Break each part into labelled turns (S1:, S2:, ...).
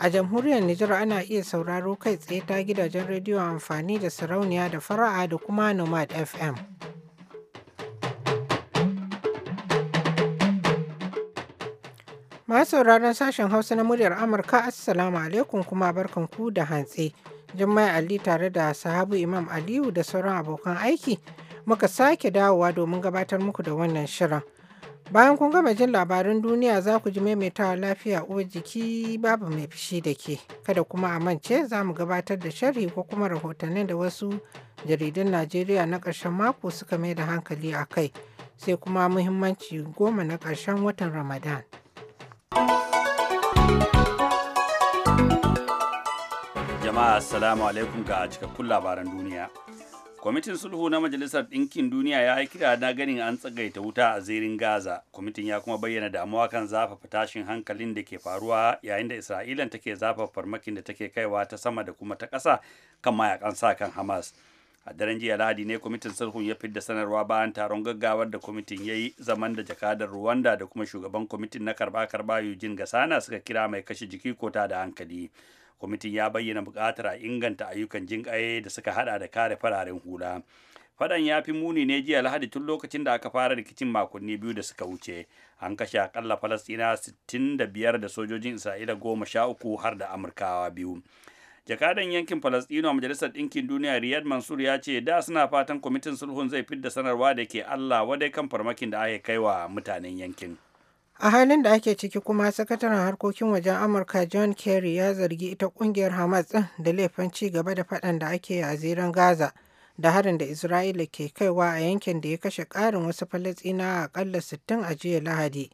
S1: A jamhuriyar Nijar ana iya sauraro kai tsaye ta gidajen rediyo amfani da sarauniya da fara'a da kuma Nomad FM. Masu sauraron sashen Hausa na muryar Amurka, Assalamu alaikum kuma barkanku da hantsi. Jummai Ali tare da sahabu Imam Aliyu da sauran abokan aiki muka sake dawowa domin gabatar muku da wannan shirin. Bayan kun gama jin labarin duniya za ku ji maimaitawa lafiya uwar jiki babu mai fushi da ke. Kada kuma a mance za mu gabatar da sharhi ko kuma rahotannin da wasu jaridun Najeriya na ƙarshen mako suka mai da hankali a kai. Sai kuma muhimmanci goma na ƙarshen watan Ramadan.
S2: Jama'a Assalamu alaikum ga cikakkun labaran duniya. kwamitin sulhu na majalisar ɗinkin duniya ya yi kira na ganin an tsagaita wuta a zirin gaza kwamitin ya kuma bayyana damuwa kan zafafa tashin hankalin da ke faruwa yayin da isra'ilan take zafafa farmakin da take kaiwa ta sama da kuma ta ƙasa kan mayakan sa kan hamas a daren jiya lahadi ne kwamitin sulhun ya fidda sanarwa bayan taron gaggawar da kwamitin ya yi zaman da jakadar rwanda da kuma shugaban kwamitin na karba karba eugene gasana suka kira mai kashe jiki ko ta da hankali kwamitin ya bayyana buƙatar a inganta ayyukan jinƙaye da suka hada da kare fararen hula faɗan ya fi muni ne jiya lahadi tun lokacin da aka fara rikicin makonni biyu da suka wuce an kashe akalla falastina sittin da biyar da sojojin isra'ila goma sha uku har da amurkawa biyu jakadan yankin falastino a majalisar ɗinkin duniya riyad mansur ya ce da suna fatan kwamitin sulhun zai fidda sanarwa da ke allah wadai kan farmakin da aka kai wa mutanen yankin
S1: a halin da ake ciki kuma sakataren harkokin wajen amurka john kerry ya zargi ita kungiyar hamas din da laifin ci gaba da faɗan da ake yi a ziran gaza da harin da isra'ila ke kaiwa a yankin da ya kashe ƙarin wasu falastina a ƙalla 60 a jiya lahadi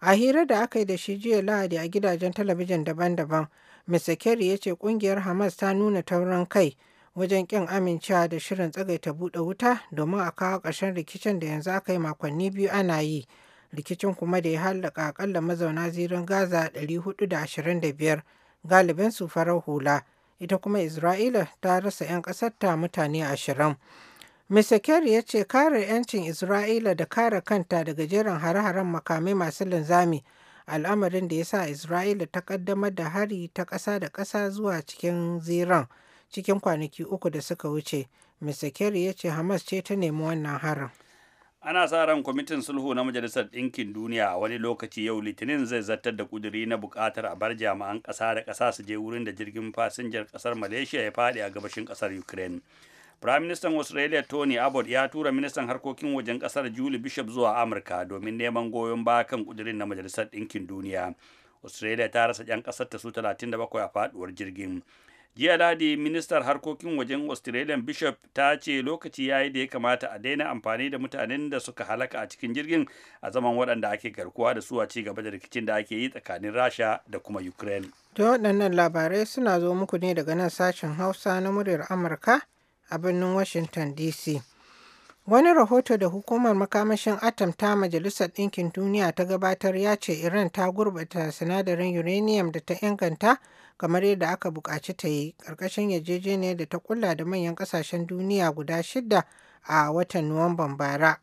S1: a hira da aka yi da shi jiya lahadi a gidajen talabijin daban-daban mr kerry ya ce kungiyar hamas ta nuna taurin kai wajen ƙin amincewa da shirin tsagaita buɗe wuta domin a kawo ƙarshen rikicin da yanzu aka yi makonni biyu ana yi rikicin kuma da ya hallaka akalla mazauna zirin gaza 425 galibin su farar hula ita kuma isra'ila ta rasa 'yan ƙasarta mutane ashirin mr kerry ya ce kare 'yancin isra'ila da kare kanta daga jerin hare-haren makamai masu linzami al'amarin da ya sa isra'ila ta kaddamar da hari ta ƙasa da ƙasa zuwa cikin ziran cikin kwanaki uku da suka wuce mr kerry ya ce hamas ce ta nemi wannan harin
S2: ana sa ran kwamitin sulhu na majalisar ɗinkin duniya a wani lokaci yau litinin zai zartar da kuduri na buƙatar a bar jami'an ƙasa da ƙasa su je wurin da jirgin fasinjar ƙasar malaysia ya faɗi a gabashin ƙasar ukraine Prime Minister Australia Tony Abbott ya tura ministan harkokin wajen ƙasar Julie Bishop zuwa Amurka domin neman goyon baya kan kudirin na Majalisar Ɗinkin Duniya. Australia ta rasa ƴan ƙasar ta su 37 a faɗuwar jirgin. jiya ladi ministar harkokin wajen australian bishop ta ce lokaci ya yi da ya kamata a daina amfani da mutanen da suka halaka a cikin jirgin a zaman waɗanda ake garkuwa da su a ci gaba da rikicin da ake yi tsakanin rasha da kuma ukraine
S1: da waɗannan labarai suna zo muku ne daga nan sashen hausa na muryar amurka a birnin washington dc Wani rahoto da Hukumar Makamashin Atom ta Majalisar Ɗinkin Duniya ta gabatar ya ce Iran ta gurbata sinadarin uranium da ta inganta kamar yadda aka buƙaci ta yi ƙarƙashin yarjejeniyar da ta kulla da manyan ƙasashen duniya guda shida a watan Nuwamban bara.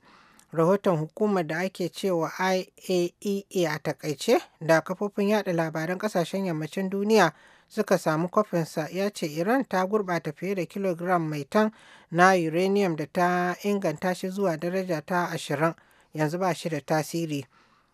S1: Rahoton hukumar da ake cewa IAEA a e takaice da kafofin yada labaran ƙasashen yammacin duniya suka samu kwafinsa ya ce Iran ta gurɓata fiye da kilogram mai tan na uranium da ta inganta shi zuwa daraja ta ashirin yanzu ba shi da tasiri.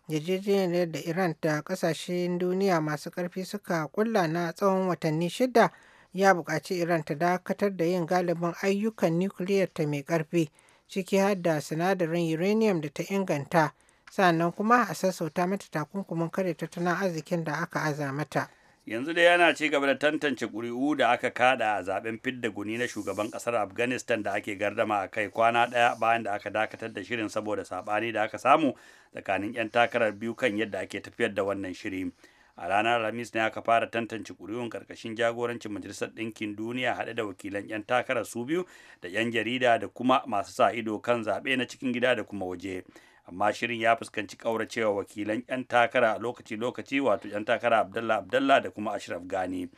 S1: Yarjejeniyar da Iran ta ƙasashen duniya masu karfi suka kulla na tsawon watanni shida ya buƙaci Iran ta dakatar da yin galibin ayyukan nukiliyar ta mai karfi ciki har da sinadarin uranium da ta inganta sannan kuma a sassauta mata takunkumin kare tattalin arzikin da aka aza mata.
S2: yanzu dai yana ci gaba da tantance ƙuri'u da aka kada a zaben fidda guni na shugaban ƙasar afghanistan da ake gardama a kai kwana ɗaya bayan da aka dakatar da shirin saboda saɓani da aka samu tsakanin 'yan takarar biyu kan yadda ake tafiyar da wannan shiri a ranar alhamis ne aka fara tantance ƙuri'un karkashin jagorancin majalisar ɗinkin duniya haɗe da wakilan 'yan takarar su biyu da 'yan jarida da kuma masu sa ido kan zaɓe na cikin gida da kuma waje amma shirin ya fuskanci kauracewa wakilan 'yan takara a lokaci-lokaci wato 'yan takara abdallah abdallah da kuma ashraf gani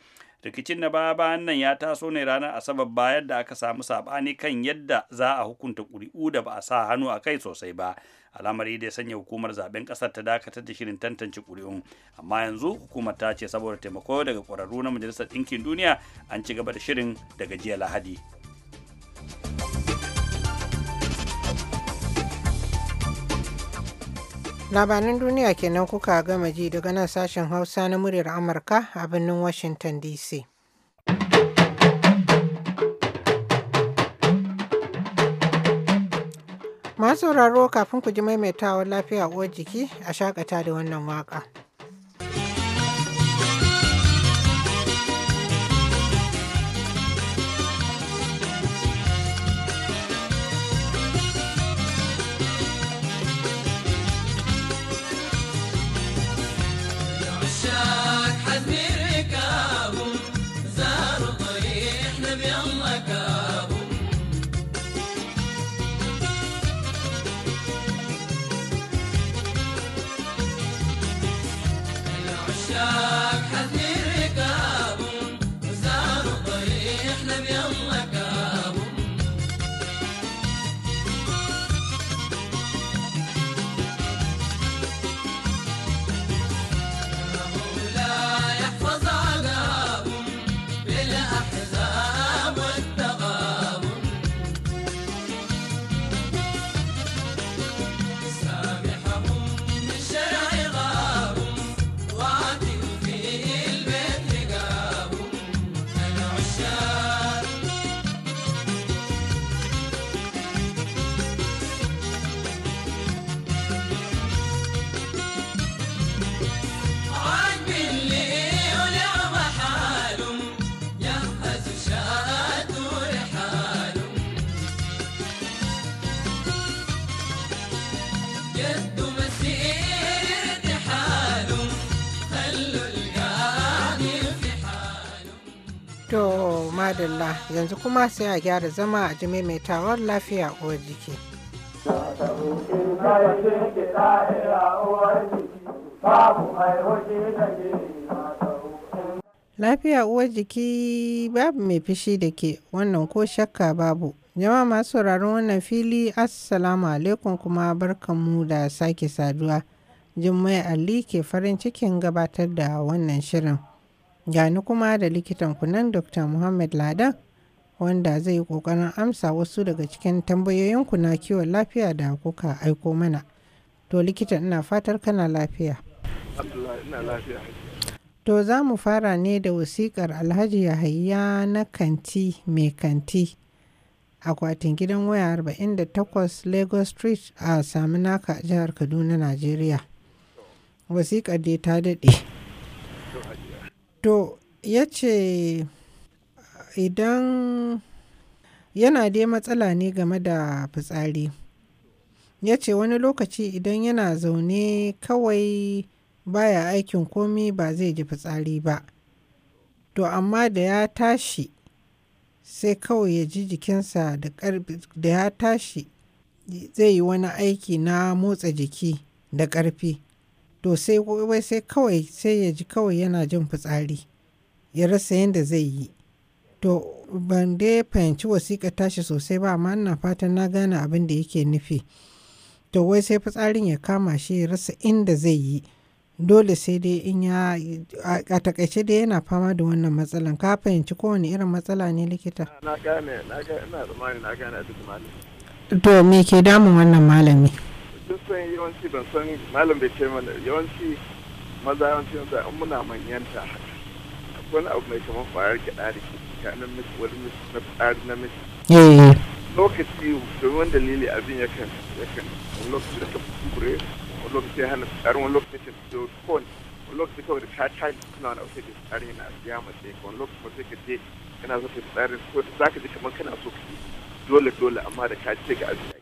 S2: rikicin na baya bayan nan ya taso ne ranar asabar bayan da aka samu sabani kan yadda za a hukunta ƙuri'u da ba a sa hannu a kai sosai ba al'amari da ya sanya hukumar zaben kasar ta dakatar da shirin tantance ƙuri'un amma yanzu hukumar ta ce saboda taimako daga ƙwararru na majalisar ɗinkin duniya an ci gaba da shirin daga jiya lahadi
S1: labaran duniya kenan kuka gama ji daga nan sashen hausa na muryar amurka a birnin washington dc masu sauraro kafin ku ji maimaitawar lafiya uwar jiki a shakata da wannan waka. To madalla yanzu kuma sai a gyara zama a ji maimaitawar lafiya uwar jiki. Lafiya uwar jiki babu mai fishi da ke wannan ko shakka babu. Jama'a masu sauraron wannan fili Assalamu alaikum kuma barkanmu da sake saduwa. Jummai Ali ke farin cikin gabatar da wannan shirin. Gani kuma da likitan kunan Dr. Muhammad Ladan wanda zai yi ƙoƙarin amsa wasu daga cikin tambayoyin na kiwon lafiya da kuka aiko mana. To likitan ina fatar kana lafiya. To za mu fara ne da wasiƙar Alhaji Yahaya na kanti mai kanti. Akwatin gidan waya 48 Lagos Street a naka jihar Kaduna, Najeriya. Wasiƙar dai ta daɗe. to ya ce idan yana dai matsala ne game da fitsari ya ce wani lokaci idan yana zaune kawai baya aikin komi ba zai ji fitsari ba to amma da ya tashi sai kawai ya ji jikinsa da ya tashi zai yi wani aiki na motsa jiki da ƙarfi to sai wai sai kawai sai ya ji kawai yana jin fitsari ya rasa yadda zai yi to ban dai fahimci wasiƙa tashi sosai ba amma ina fatan na gane abin da yake nufi to wai sai fitsarin ya kama shi ya rasa inda zai yi dole sai dai in ya a takaice dai yana fama da wannan matsalan ka fahimci kowane irin matsala ne likita
S3: na gane na gane ina tsammani na gane duk malami
S1: to me ke damun wannan malami
S3: yawanci ban san malam bai ce mana yawanci maza yawanci yanzu an muna manyanta haka akwai abu mai kamar kwayar kiɗa da ke tsakanin miki wani miki na tsari na miki eh. lokaci domin dalili abin ya kan wani lokaci da ta kure wani lokaci ya hana tsarin wani lokaci ta fito kowane wani lokaci kawai da kata yi suna wani auke da na yana biya mace wani lokaci ba sai ka je kana zafi tsarin ko za ka ji kamar kana so ka dole dole amma da ka ce ga abin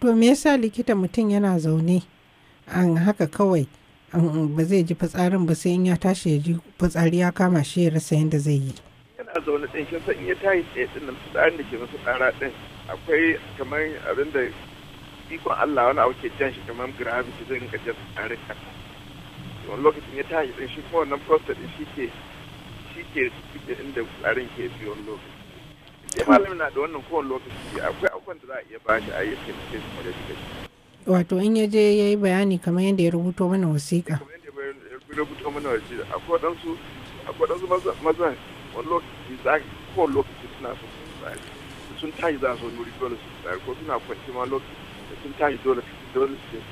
S1: to me yasa likita mutum yana zaune an haka kawai ba zai ji fitsarin ba sai in ya tashi ya ji fitsari ya kama shi ya rasa yadda zai yi
S3: yana zaune ɗin kin san in ya tashi sai ɗin nan fitsarin da ke masa ƙara ɗin akwai kamar abin da ikon Allah wani abu ke jan shi kamar gravity zai rinka jan tsare ka wani lokacin ya tashi din shi kuma wannan prostate ɗin shi ke shi ke inda tsarin ke biyo lokacin sai malami na da wannan kowane lokaci akwai abubuwan da za a iya ba shi a yi taimake shi wajen shiga
S1: wato in ya je ya yi bayani kamar yadda ya rubuto mana wasiƙa kamar
S3: yadda ya rubuto mana wasiƙa akwai waɗansu akwai waɗansu mazan wani lokaci za kowane lokaci suna so su tsari sun tayi za su wuri dole su tsari ko suna kwanci ma lokaci sun tashi dole dole su tsari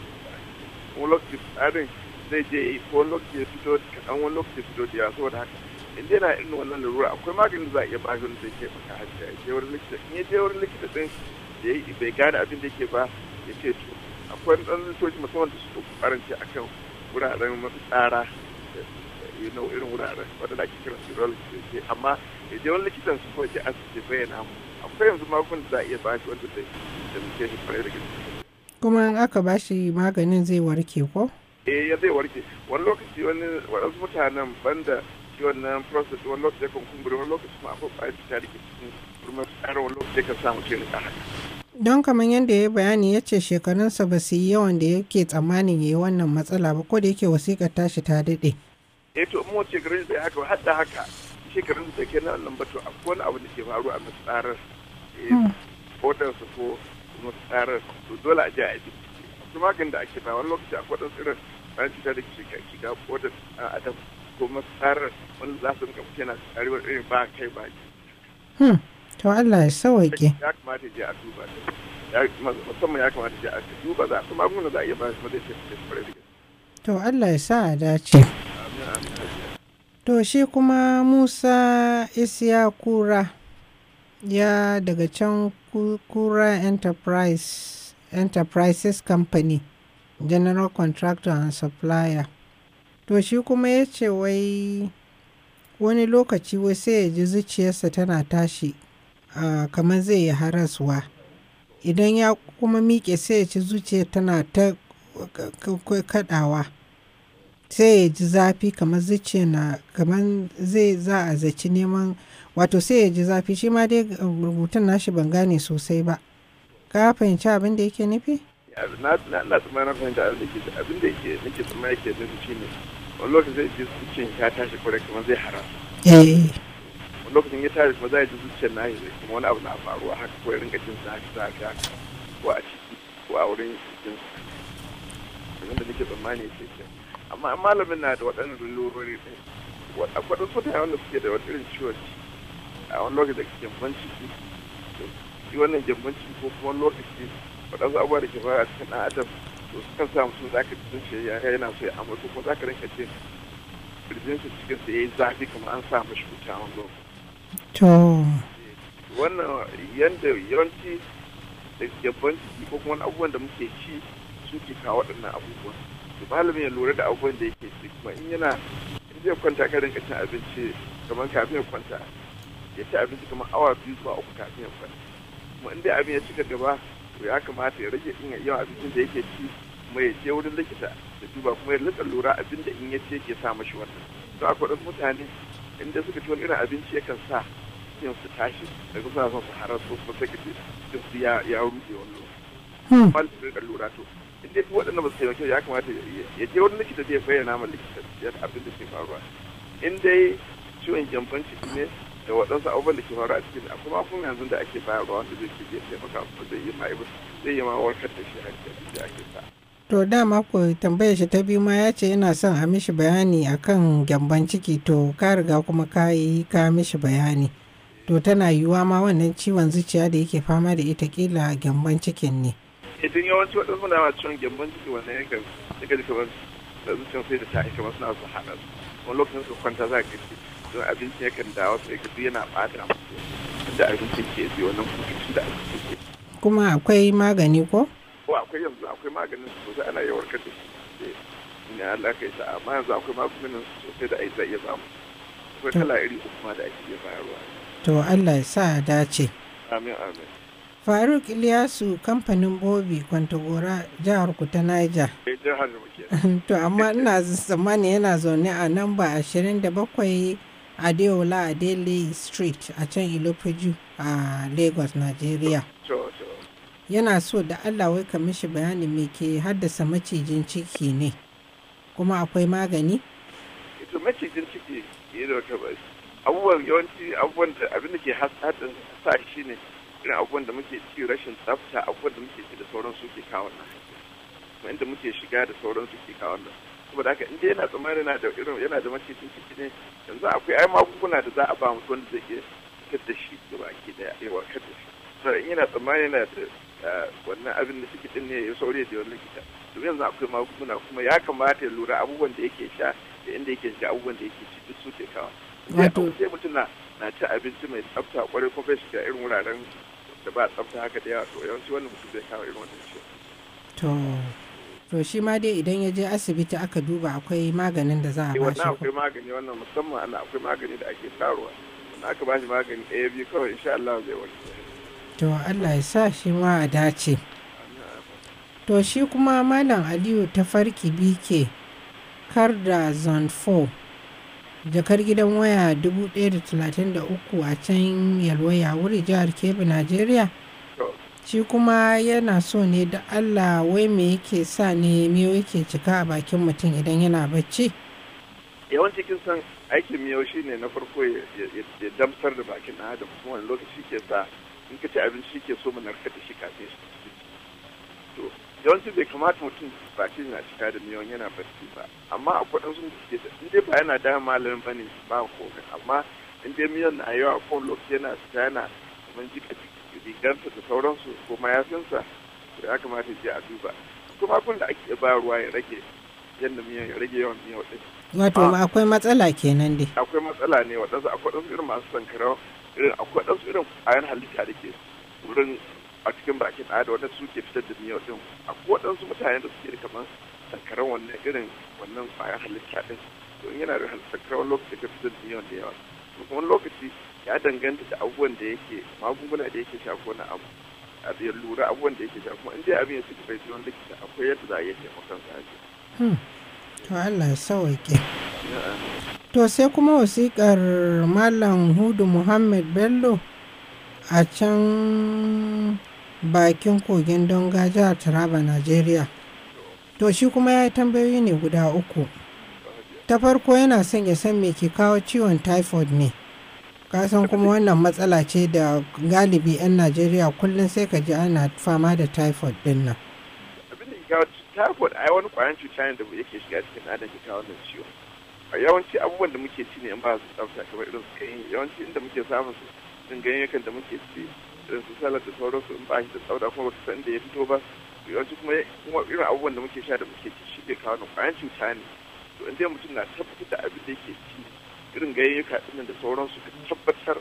S3: wani lokaci tsarin zai je ko wani lokaci ya fito kaɗan wani lokaci ya fito da ya saboda haka inda yana irin wannan larura akwai maganin da za a iya ba shi da ke maka hajji a je wurin likita in ya je wurin likita din da ya bai gane abin da yake ba ya ce to akwai ɗan zuciyoyi musamman da su ce akan wuraren mafitsara you eh, eh, know irin wuraren waɗanda ake kiran su da ke amma idan wani likitan su ko ce asibiti bayyana mu akwai yanzu magun da za a iya ba shi wanda da da muke shi kwarai da gaske
S1: kuma in aka ba shi maganin zai warke ko
S3: eh ya zai warke wani lokaci wani wadansu mutanen banda da
S1: don kamar yadda ya bayani ya ce shekarunsa ba su yi yawan da yake tsammanin ya yi wannan matsala ba ko da yake wasiƙar tashi ta daɗe.
S3: eh to mu wace shekarun da haka har da haka shekarun da ke nan nan akwai wani abu da ke faru a eh, hmm. ko to dole a a yi kuma maganin da ake ba wani lokaci akwai wadansu irin bayan ta da ke a adam ko masarar wani za su rinka fita na tsarewar irin ba kai ba ki.
S1: Hmm, to Allah ya sawaike.
S3: Ya kamata je a duba musamman ya kamata je a duba za su magunguna za a iya ba su madai shi kwarai da
S1: To Allah ya sa a dace. To shi kuma Musa Isiya Kura ya daga can Kura Enterprise Enterprises Company General Contractor and Supplier. to shi kuma ya ce wai wani lokaci wai sai ya ji zuciyarsa tana tashi kamar zai yi haraswa idan ya kuma miƙe sai ya ci zuciya tana ta kaɗawa sai ya ji zafi kamar zuciya na kamar zai za a zaci neman wato sai ya ji zafi shi ma dai rubutun nashi ban gane sosai ba ka fahimci abin da yake nufi
S3: na na na fahimta abin da yake da nufi wani lokacin zai ji zuciyar ya tashi kwarai kamar zai hara eh. wani lokacin ya tashi kuma zai ji zuciyar na zai kuma wani abu na faruwa haka ko ya rinka jin sa haka sa haka ko a ciki ko a wurin jikin sa wanda nake tsammani ke ce amma malamin na da waɗannan lurori ɗin akwai wasu mutane wanda suke da wani irin ciwon a wani lokacin da ke ban ciki shi wannan ciki ko kuma wani lokaci waɗansu abubuwa da ke fara cikin ɗan adam to suka samu su za ka ji shi ya yana so ya amurka kuma za ka rinka ce kirjinsa cikin ya yi zafi kamar an sa mashi wuta a wani to wannan yanda yawanci da yabban ciki ko kuma abubuwan da muke ci su ke kawo waɗannan abubuwan to malamin ya lura da abubuwan da yake ci kuma in yana in zai kwanta ka rinka cin abinci kamar kafin ya kwanta ya ci abinci kamar awa biyu zuwa uku kafin ya kwanta kuma in dai abin ya cika gaba to ya kamata ya rage in yawan abincin da yake ci kuma ya je wurin likita da duba kuma ya lika lura abin da in ya ce ke sa mashi wannan to a wasu mutane inda suka ci wani irin abinci kan sa yin su tashi daga suna son su harar su su sai kace duk su ya ya rufe wannan ba su rika lura to in dai waɗanda ba su taimake ya kamata ya je wani likita zai bayyana ma likita abin da ke faruwa in dai ciwon gyambon ciki ne da waɗansu abubuwan da ke faru a cikin akwai mai yanzu da ake bayarwa wanda zai ke iya taimaka ko zai yi ma'aibu zai yi ma warkar da shi hankali da ake sa.
S1: To dama ko tambayar shi ta biyu ma ya ce yana son a mishi bayani akan gyamban ciki to ka riga kuma ka yi ka mishi bayani. To tana yiwuwa ma wannan ciwon zuciya da yake fama da ita kila gyamban cikin ne.
S3: Idan yawanci waɗansu na ma ciwon gyamban ciki wannan yakan daga jikin zuciya sai da ta aika masu na su haɗa wani lokacin su kwanta za a gaske don abinci ya kan dawo sai ka yana bata da abincin ke zai wannan kutucin da abincin ke
S1: kuma akwai magani ko
S3: ko akwai yanzu akwai maganin sosai ana yawar kashe shi eh, ne Allah kai sa amma yanzu akwai magungunan sosai da ai zai iya samu akwai kala iri uku ma da ake iya bayarwa
S1: to Allah ya sa dace amin amin faruk iliyasu kamfanin bobi kwantagora jihar ku ta eh, naija to amma ina tsammani yana zaune a namba 27 adeola adele street a can ilopeju a lagos nigeria yana so da allah wai ka mishi bayani mai ke haddasa macijin ciki ne kuma akwai magani?
S3: ito macijin ciki ya da wata ba abubuwan yawanci abubuwan da abin da ke hasadin sa shi ne irin abubuwan da muke ci rashin tsafta abubuwan da muke ci da sauran su ke kawo nan inda muke shiga da sauran su ke kawo nan saboda haka inda yana tsammanin yana da irin yana da macikin ciki ne yanzu akwai ai magunguna da za a ba mutum wanda zai iya fitar da shi gaba ki da yawa kar da shi in yana tsammanin yana da ah, wannan abin da suke din ne ya saurayi da wani likita to yanzu akwai magunguna kuma ya kamata ya lura abubuwan da yake sha da inda yake sha abubuwan da yake ci duk su ke kawo sai mutum na na ci abinci mai tsafta kwarai kuma bai shiga irin wuraren da ba tsafta haka da yawa to yawanci wannan mutum zai kawo irin wannan ciwon
S1: to shi ma dai idan ya je asibiti aka duba akwai maganin da za a eh, shi ko akwai
S3: magani wannan musamman ana akwai magani da ake taruwa aka ba shi magani ɗaya biyu kawai insha Allah zai warke
S1: to Allah ya sa shi ma a dace to shi kuma malam Aliyu ta farki bike kar da zone 4 jakar gidan waya 1033 a can yalwaya wuri jihar kebbi najeriya shi kuma yana so ne da allah wai me yake sa ne miyo yake cika a bakin mutum idan yana bacci
S3: yawanci kin san aikin miyo shi ne na farko ya damsar da bakin na adam kuma wani lokaci ke sa in ka ci abinci ke so mu narka da shi kafin shi to yawanci bai kamata mutum bakin na cika da miyau yana bacci ba amma akwai sun da suke da in dai ba yana da malamin ba ne ba ko amma in dai miyon na yawa ko lokaci yana cika yana kamar jika rigarsa da sauransu ko mayafinsa da ya kamata ya a duba tumakun da ake ruwa ya rage yadda miyan ya rage yawan miyan ɗin.
S1: wato ah. akwai matsala kenan dai
S3: akwai matsala ne waɗansu akwai ɗansu irin masu sankarau irin akwai ɗansu irin ayan halitta da ke wurin a cikin bakin ɗaya da wanda suke fitar da miyan a akwai waɗansu mutane da suke kamar sankarau wannan irin wannan ayan halitta ɗin to yana da sankarau lokaci ka fitar da miyan da yawa kuma lokaci ya danganta da abubuwan da yake magunguna da yake sha ko na abu a zai lura abubuwan da yake sha kuma in dai abin ya suka bai ciwon likita akwai yadda za a iya taimakon sa ake.
S1: Hmm. Allah sauke. To sai kuma wasiƙar Malam Hudu Muhammad Bello a can bakin kogin Donga jihar Taraba, Najeriya. To shi kuma ya yi tambayoyi ne guda uku. Ta farko yana son ya san me ke kawo ciwon typhoid ne. kasan kuma wannan matsala ce da galibi 'yan najeriya kullum sai ka ji ana fama da typhoid din nan
S3: abin da ke kawo typhoid ai wani kwayan cuta ne da yake shiga cikin ɗan adam ke kawo wannan ciwo a yawanci abubuwan da muke ci ne in ba su tsafta kamar irin su kai yawanci inda muke samun su din ganyayyakan da muke ci irin su salad da su in ba shi da tsafta kuma su san da ya fito ba yawanci kuma kuma irin abubuwan da muke sha da muke ci shi ke kawo wannan kwayan cuta ne to in dai mutum na tabbatar da abin da yake ci irin gayyuka ɗin da sauransu ka tabbatar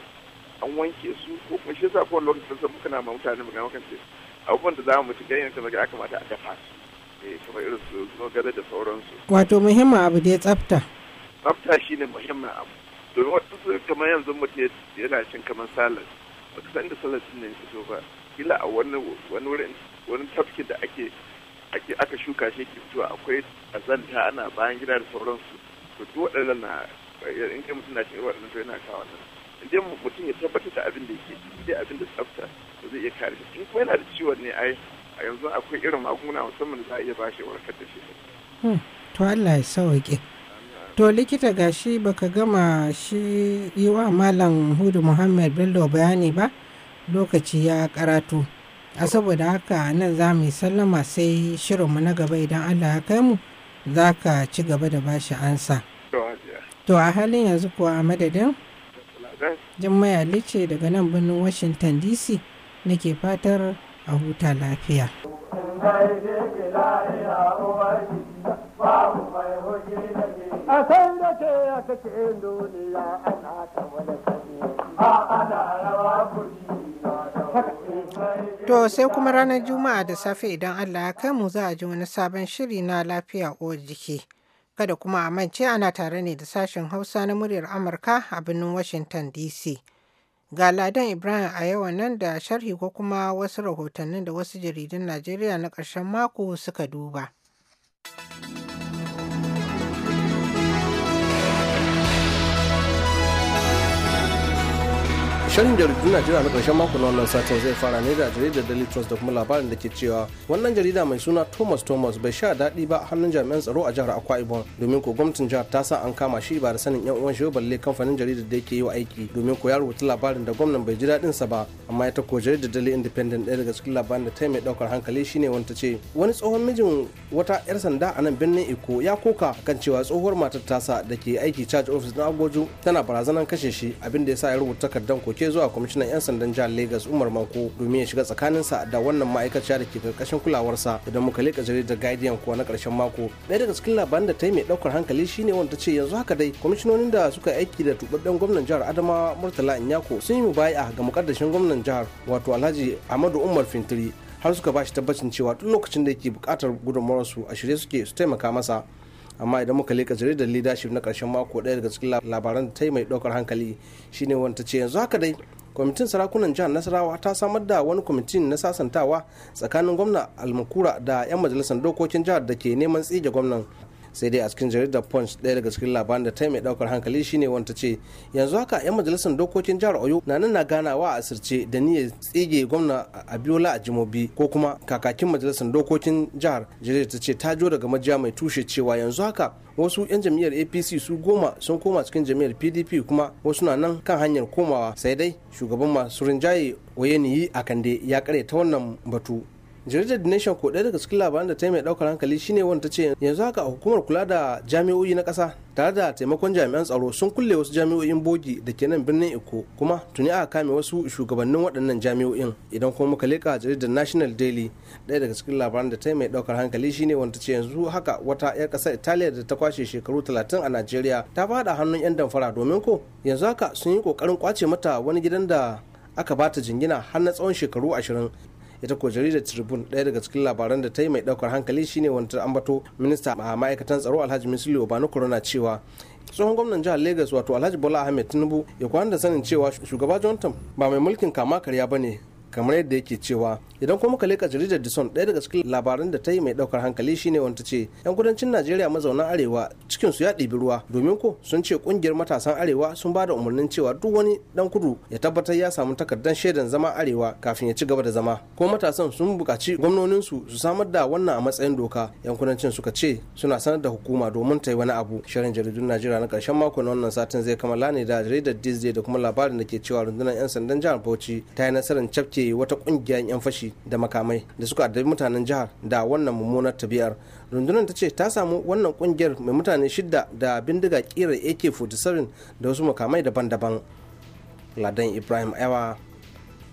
S3: an wanke su ko kuma shi yasa kowane lokacin sun muka na ma mutane mu ga mukan ce abubuwan da za mu ci ganyen kamar ya kamata a dafa su eh kamar irin su zogale da sauransu
S1: wato muhimmin abu dai tsafta
S3: tsafta ne muhimmin abu domin su kamar yanzu mutum yana cin kamar salad ka san da salad din ne fito ba kila a wani wurin wani tafkin da ake ake aka shuka shi ke fitowa akwai azanta ana bayan gida da sauransu to duk waɗannan na Eh, in kai mutum na cin irin waɗannan to yana kawo nan idan mutum ya tabbatar da abin da yake dai abin da tsafta to zai iya kare shi in kuma yana da ciwon ne ai a yanzu akwai irin magunguna musamman da za a iya bashi warkar da shi
S1: hmm. to Allah ya sauke to likita gashi baka gama shi yi wa malam hudu muhammad bello bayani ba lokaci ya karatu a saboda haka nan za mu sallama sai shirinmu na gaba idan allah ya kai mu za ka ci gaba da bashi ansa. To a halin yanzu kuwa a madadin? Jummai Ali ce daga nan birnin Washington DC nake fatar a huta lafiya. To sai kuma ranar Juma'a da safe idan Allah ya kai mu za a ji wani sabon shiri na lafiya uwar jiki. Kada kuma a mance ana tare ne da sashen Hausa na muryar Amurka a birnin Washington DC. Ga Ladan Ibrahim a yawan nan da sharhi ko kuma wasu rahotannin da wasu jaridun Najeriya na ƙarshen mako suka duba.
S4: Shirin jaridun Najeriya na ƙarshen mako na wannan satin zai fara ne da jaridar Daily Trust da kuma labarin da ke cewa wannan jarida mai suna Thomas Thomas bai sha daɗi ba hannun jami'an tsaro a jihar Akwa Ibom domin ko gwamnatin jihar ta sa an kama shi ba da sanin yan uwan shi balle kamfanin jaridar da yake yi wa aiki domin ko ya rubuta labarin da gwamnan bai ji daɗin sa ba amma ita ko jaridar Daily Independent ɗaya daga cikin labarin da ta mai ɗaukar hankali shine ta ce wani tsohon mijin wata 'yar sanda a nan birnin Eko ya koka kan cewa tsohuwar matar tasa da ke aiki charge office na Agoju tana barazanar kashe shi abinda ya sa ya rubuta takardar koke bincike zuwa kwamishinan 'yan sandan jihar Lagos Umar Manko domin ya shiga tsakaninsa da wannan ma'aikaciya da ke karkashin kulawarsa idan muka leƙa jaridar Guardian kuwa na ƙarshen mako. Ɗaya daga cikin labarin da ta yi mai ɗaukar hankali shine wanda ce yanzu haka dai kwamishinonin da suka aiki da tubabben gwamnan jihar Adamawa Murtala Inyako sun yi mubaya ga mukaddashin gwamnan jihar wato Alhaji Ahmadu Umar Fintiri har suka ba shi tabbacin cewa duk lokacin da yake bukatar gudunmawarsu a shirye suke su taimaka masa. amma idan muka leka jaridar leadership na karshen mako ɗaya daga cikin labaran da ta yi mai ɗaukar hankali shine wanda ce yanzu haka dai kwamitin sarakunan jihar nasarawa ta samar da wani kwamitin na sasantawa tsakanin gwamna almakura da 'yan majalisar dokokin jihar da ke neman tsige gwamnan sai dai a cikin jaridar punch ɗaya daga cikin labaran da ta mai ɗaukar hankali shine wanda ce yanzu haka 'yan majalisar dokokin jihar oyo na nan na ganawa a asirce da niyyar tsige gwamna abiola ajimobi ko kuma kakakin majalisar dokokin jihar jaridar ta ce ta jo daga majiya mai tushe cewa yanzu haka wasu 'yan jam'iyyar apc su goma sun koma cikin jam'iyyar pdp kuma wasu na nan kan hanyar komawa sai dai shugaban masu rinjaye oyeniyi kande ya kare ta wannan batu jaridar nation ko ɗaya daga cikin labaran da ta mai ɗaukar hankali shine wanda ta ce yanzu haka hukumar kula da jami'o'i na ƙasa tare da taimakon jami'an tsaro sun kulle wasu jami'o'in bogi da ke nan birnin eko kuma tuni aka kame wasu shugabannin waɗannan jami'o'in idan kuma muka leƙa jaridar national daily ɗaya daga cikin labaran da ta mai ɗaukar hankali shine wanda ta ce yanzu haka wata 'yar ƙasar italiya da ta kwashe shekaru talatin a nigeria ta faɗa hannun 'yan damfara domin ko yanzu haka sun yi ƙoƙarin kwace mata wani gidan da aka bata jingina har na tsawon shekaru ashirin ita ko jaridar tribune ɗaya daga cikin labaran da ta yi mai ɗaukar hankali shine wanda ambato minista a ma'aikatan tsaro alhaji misliyo bani corona cewa tsohon gwamnan jihar lagos wato alhaji bola ahmed tinubu ya kwana da sanin cewa shugaba jonathan ba mai mulkin kama karya ba ne kamar yadda yake cewa idan kuma muka leka jaridar dison ɗaya daga cikin labaran da ta yi mai ɗaukar hankali shine wanta ce yan kudancin najeriya mazauna arewa cikin su ya ɗibi ruwa domin ko sun ce ƙungiyar matasan arewa sun ba da umarnin cewa duk wani ɗan kudu ya tabbatar ya samu takardar shaidan zama arewa kafin ya ci gaba da zama ko matasan sun buƙaci gwamnonin su su samar da wannan a matsayin doka yan kudancin suka ce suna sanar da hukuma domin ta yi wani abu shirin jaridun najeriya na ƙarshen mako na wannan satin zai kammala ne da jaridar disney da kuma labarin da ke cewa rundunar yan sandan jihar bauchi ta yi nasarar cafke ke wata kungiyar 'yan fashi da makamai da suka addabi mutanen jihar da wannan mummunar tabiyar rundunar ta ce ta samu wannan kungiyar mai mutane shida da bindiga kira ak-47 da wasu makamai daban-daban ladan ibrahim ewa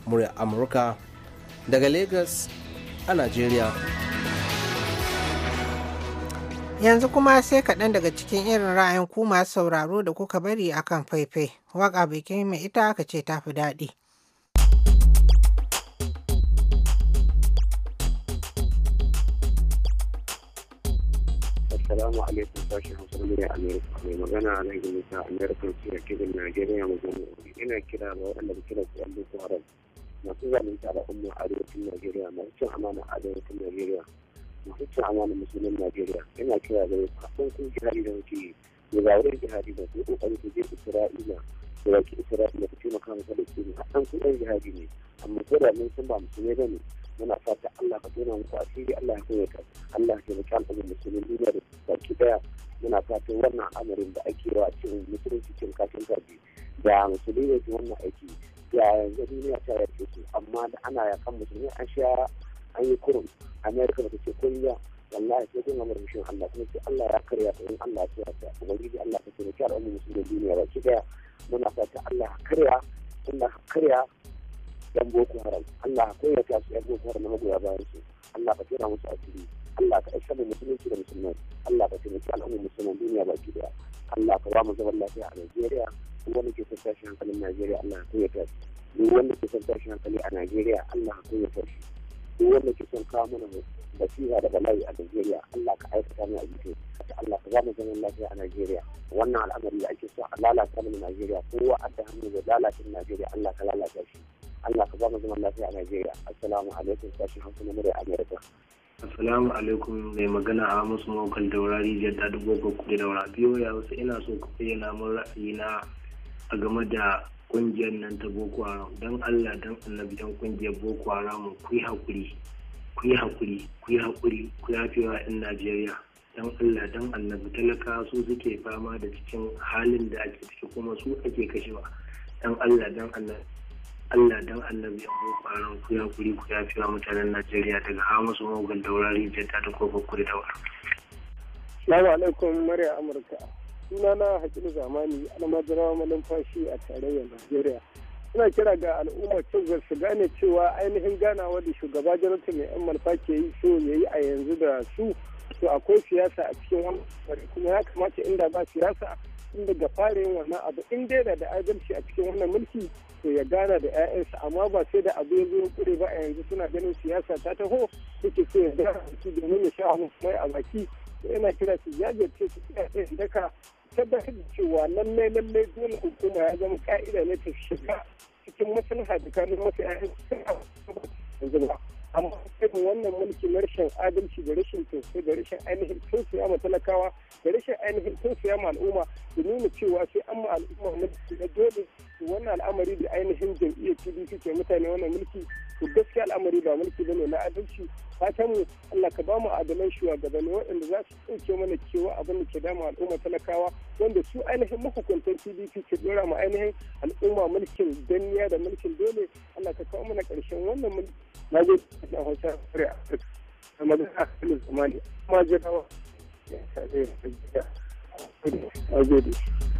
S4: murya amurka daga lagos a nigeria yanzu kuma sai
S1: kaɗan daga cikin irin ra'ayin ku masu sauraro da kuka bari akan faifai waƙa bikin mai ita aka ce ta fi daɗi
S5: Assalamu alaikum sashen Hausa na Murya Amerika. Mai magana na Gimisa Amerika ce a kebin Najeriya magana. Ina kira ga waɗanda suke kira kuɗin Boko Haram. Masu zalunta al'umma a arewacin Najeriya, masu cin amana a arewacin Najeriya, masu cin amana musulun Najeriya. Ina kira da ga kafin kun jihari da muke da zauren jihari da ku ƙoƙari ku je Isra'ila da baki Isra'ila ku taimaka masa da ke ne. Kasan kuɗin jihari ne, amma ko da mun san ba musulmai ba ne. muna fata Allah ka tona muku asiri Allah ya kuma ka Allah ya mutu al'ummar musulmin duniya da baki daya muna fata wannan amarin da ake yi wa cikin musulunci cikin kafin karbi da musulmi ne wannan aiki da yanzu duniya ta yarda su amma da ana yakan musulmi an sha an yi kurum amerika da ta kunya kuriya wallahi sai dai mamar shi allah kuma sai allah ya karya ta in allah ya ta ubangiji allah ta ce da kyar umar musulmi duniya baki daya muna fata allah ya karya allah ya karya yan boko haram Allah ka kunyata su yan boko haram na magoya bayan su Allah ka tona musu asiri Allah ka aisha da musulunci da musulmai Allah ka taimaki al'ummar musulman duniya baki daya Allah ka ba mu zaman lafiya a Najeriya duk wanda ke son tashin hankalin Najeriya Allah ka kunyata shi duk wanda ke son tashin hankali a Najeriya Allah ka kunyata shi duk wanda ke son kawo mana basira da bala'i a Najeriya Allah ka aikata mu a jiki Allah ka ba mu zaman lafiya a Najeriya wannan al'amari da ake so a lalata mana Najeriya kowa a da hannu da lalacin Najeriya Allah ka lalata shi Allah ka ba mu zaman lafiya a Najeriya assalamu alaikum sashi hausa na murya Amerika Assalamu alaikum mai magana a musu mawakal daura rijiyar ta dubu ko kuɗi daura biyo ya wasu ina so ku bayyana mun ra'ayi na a game da kungiyar nan ta Boko Haram don Allah don annabi don kungiyar Boko Haram ku yi hakuri ku yi hakuri ku yi hakuri ku wa 'yan Najeriya don Allah don annabi talaka su suke fama da cikin halin da ake ciki kuma su ake kashewa don Allah don annabi Allah dan allah ya boko ku ya guri ku ya fiya mutanen Najeriya daga Hamisu Mogan Daurari ta da Kofar Kuri Dawar.
S6: Salamu alaikum murya Amurka. Suna na Hakilu Zamani almajirawa malumfashi a tarayyar Najeriya. Ina kira ga al'umma cewa su gane cewa ainihin ganawa da shugaba Jonathan mai yan malfa ke yi so ya yi a yanzu da su to akwai siyasa a cikin wani kuma ya kamata inda ba siyasa tun daga fara yin wannan abu in dai da da adalci a cikin wannan mulki to ya gana da 'ya'yansa amma ba sai da abu ya zo kure ba a yanzu suna ganin siyasa ta taho suke so ya gana su domin ya sha mai a baki yana kira su jajirce su kira sai daka tabbatar da cewa lallai lallai dole hukuma ya zama ka'ida na ta shiga cikin maslaha da kanin masu 'ya'yan yanzu ba. amma irin wannan mulki na rashin adalci da rashin tausayi da rashin ainihin tausaya ma talakawa da rashin ainihin tausaya ma al'umma da nuna cewa sai an ma al'umma na dole wannan al'amari da ainihin jam'iyyar pdp ke mutane wannan mulki to gaskiya al'amari ba mulki bane na adalci fatan mu Allah ka bamu adalan shugabanni waɗanda za su ɗauke mana kewa abin da ke dama al'umma talakawa wanda su ainihin mahukuntan PDP ke dora mu ainihin al'umma mulkin danniya da mulkin dole Allah ka kawo mana ƙarshen wannan mulki na gode da Hausa Kare Afirka da magana a kan zamani amma jirawa ya sa zai rage da a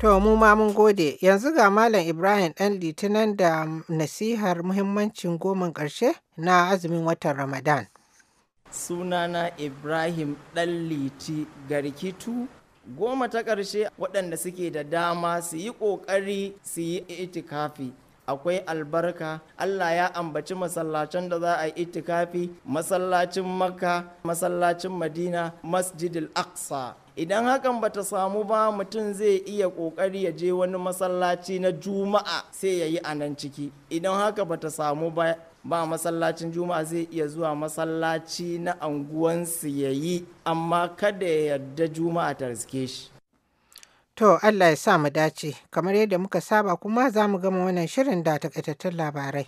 S1: To mu ma mun gode, yanzu ga Malam Ibrahim ɗan litinin da nasihar muhimmancin goma ƙarshe na azumin watan Ramadan. Sunana Ibrahim ɗan liti garkitu goma ta ƙarshe waɗanda suke da dama su yi ƙoƙari su yi itikafi akwai albarka Allah ya ambaci masallacin da za a yi itikafi masallacin makka masallacin madina masjidil aqsa idan hakan bata samu ba mutum zai iya kokari ya je wani masallaci na juma'a sai ya yi a nan ciki idan haka bata samu ba ba masallacin juma'a zai iya zuwa masallaci na anguwansu ya yi amma kada ya yarda juma'a ta riske shi To Allah ya sa mu dace, kamar yadda muka saba kuma za mu gama wannan shirin da takaitattun labarai.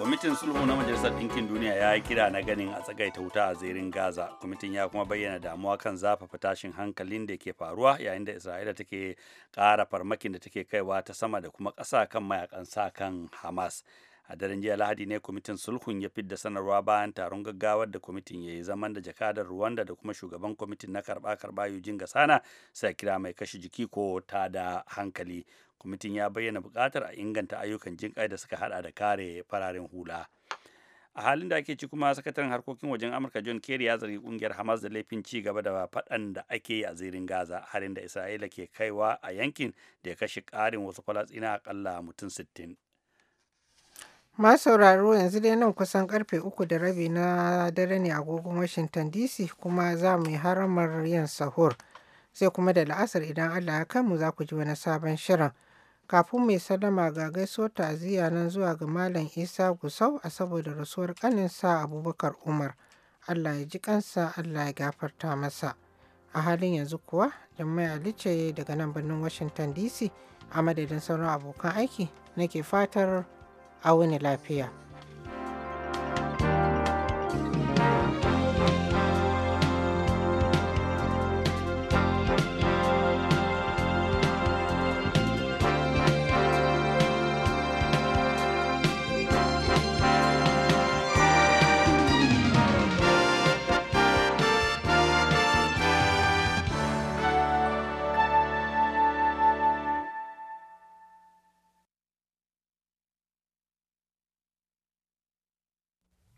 S2: Kwamitin sulhu na Majalisar Ɗinkin Duniya ya yi kira na ganin a tsagaita wuta a zirin Gaza. Kwamitin ya kuma bayyana damuwa kan zafafa tashin hankalin da ke faruwa yayin da Isra'ila take ƙara farmakin da take kaiwa ta sama da kuma ƙasa kan mayakan sa kan Hamas. a daren jiya lahadi ne kwamitin sulhun ya fidda sanarwa bayan taron gaggawar da kwamitin ya yi zaman da jakadar rwanda da kuma shugaban kwamitin na karba karba yujin gasana sai kira mai kashe jiki ko ta da hankali kwamitin ya bayyana buƙatar a inganta ayyukan jinƙai da suka hada da kare fararen hula a halin da ake ci kuma sakataren harkokin wajen amurka john kerry ya zargi kungiyar hamas da laifin ci gaba da faɗan da ake yi a zirin gaza harin da isra'ila ke kaiwa a yankin da ya kashe ƙarin wasu kwalatsina akalla mutum sittin.
S1: Ma sauraro yanzu dai nan kusan karfe uku da rabi na dare ne agogon Washington DC kuma za mu yi haramar yin sahur. Sai kuma da la'asar idan Allah ya kai mu za ku ji wani sabon shirin. Kafin mai sallama ga gaisuwar ta'aziyya nan zuwa ga Malam Isa Gusau a saboda rasuwar sa Abubakar Umar. Allah ya ji kansa Allah ya gafarta masa. A halin yanzu kuwa, Jummai Ali daga nan birnin Washington DC a madadin sauran abokan aiki nake fatar a wani lafiya.